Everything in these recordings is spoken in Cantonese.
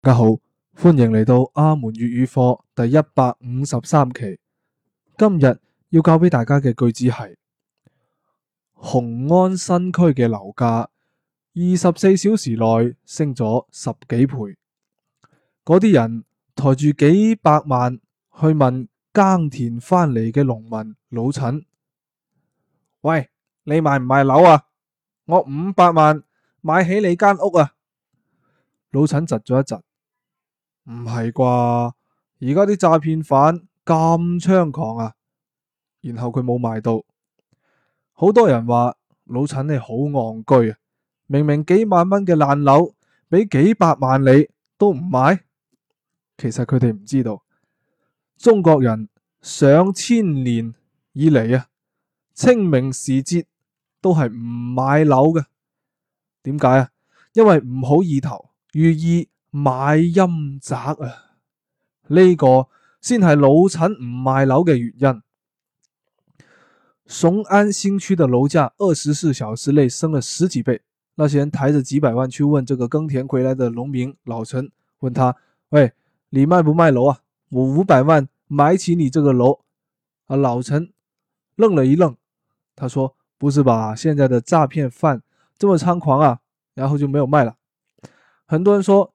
大家好，歡迎嚟到阿門粵語課第一百五十三期。今日要教俾大家嘅句子係：雄安新區嘅樓價二十四小時內升咗十幾倍。嗰啲人抬住幾百萬去問耕田翻嚟嘅農民老陳，喂，你賣唔賣樓啊？我五百萬買起你間屋啊！老陳窒咗一窒。唔係啩？而家啲詐騙犯咁猖狂啊！然後佢冇賣到，好多人話老陳你好戇居啊！明明幾萬蚊嘅爛樓俾幾百萬你都唔買，其實佢哋唔知道，中國人上千年以嚟啊，清明時節都係唔買樓嘅。點解啊？因為唔好意頭，寓意。買陰宅啊，呢個先係老陳唔賣樓嘅原因。雄安新區的樓價，二十四小時內升了十幾倍，那些人抬着幾百萬去問這個耕田回來的農民老陳，問他：喂，你賣不賣樓啊？我五百萬買起你這個樓啊！老陳愣了一愣，他說：不是吧？現在的詐騙犯這麼猖狂啊！然後就沒有賣了。很多人說。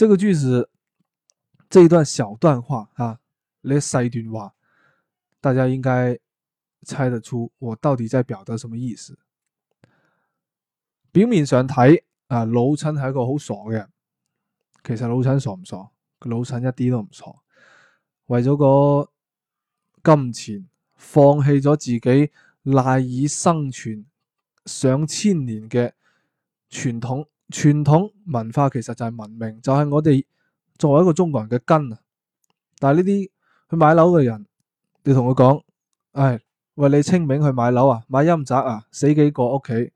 這個句子，這一段小段話啊，呢一細段話，大家應該猜得出我到底在表達什麼意思？表面上睇啊，老陳係一個好傻嘅人，其實老陳傻唔傻？老陳一啲都唔傻，為咗個金錢，放棄咗自己賴以生存上千年嘅傳統。傳統文化其實就係文明，就係我哋作為一個中國人嘅根啊！但係呢啲去買樓嘅人，你同佢講，哎，喂，你清明去買樓啊，買陰宅啊，死幾個屋企，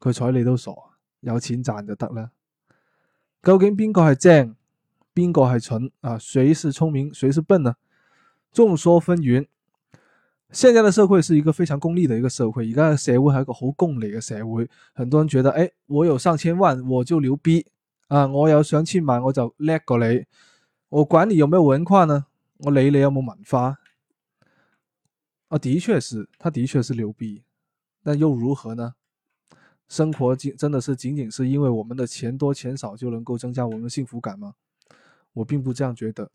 佢睬你都傻，有錢賺就得啦。究竟邊個係精，邊個係蠢啊？誰是聰明，誰是笨啊？眾說紛紜。現在的社會是一個非常功利的一個社會，而家嘅社會係一個好功利嘅社會。很多人覺得，誒、哎，我有上千萬，我就牛逼啊！我有上千萬，我就叻過你，我管你有沒有文化呢？我理你有冇文化？啊，的確是，他的確是牛逼，但又如何呢？生活真的是僅僅是因為我們的錢多錢少就能夠增加我們的幸福感嗎？我並不這樣覺得。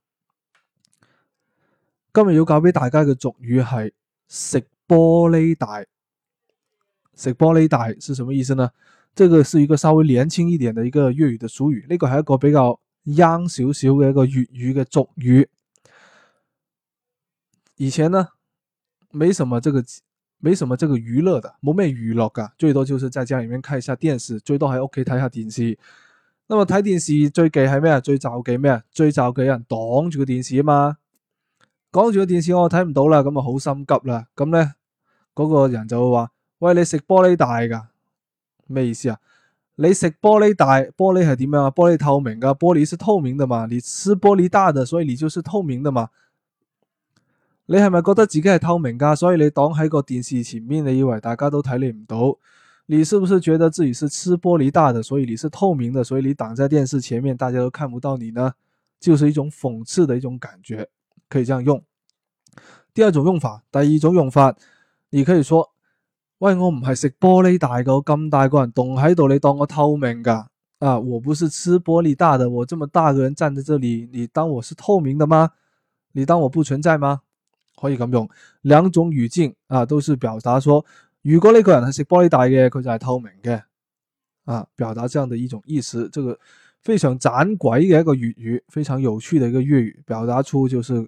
今日要教俾大家嘅俗語係。食玻璃大，食玻璃大，是什麼意思呢？這個是一個稍微年輕一點的一個粵語的俗語，呢個係一個比較 young 少少嘅一個粵語嘅俗語。以前呢，沒什麼這個，沒什麼這個娛樂的，冇咩娛樂噶，最多就是在家裏面看一下電視，最多喺屋企睇下電視。那麼睇電視最忌係咩啊？最忌忌咩啊？最忌忌人擋住個電視啊嘛。擋住個電視我，我睇唔到啦，咁啊好心急啦。咁呢，嗰、那個人就會話，喂，你食玻璃大噶？咩意思啊？你食玻璃大，玻璃係點樣啊？玻璃透明噶，玻璃是透明的嘛？你食玻璃大的，所以你就是透明的嘛？你係咪覺得自己係透明噶？所以你擋喺個電視前面，你以為大家都睇你唔到？你是不是覺得自己是食玻璃大的，所以你是透明的，所以你擋在電視前面，大家都看不到你呢？就是一種諷刺的一種感覺。可以這樣用。第二種用法，第二種用法，你可以說：喂，我唔係食玻璃大嘅，咁大個人凍喺度你當我透明噶？啊，我不是吃玻璃大的，我這麼大個人站在這裏，你當我是透明的嗎？你當我不存在嗎？可以咁用，兩種語境啊，都是表達說，如果呢個人係食玻璃大嘅，佢就係透明嘅啊，表達這樣的一種意思。這個非常盞鬼嘅一個粵語，語，非常有趣嘅一個粵語，表達出就是。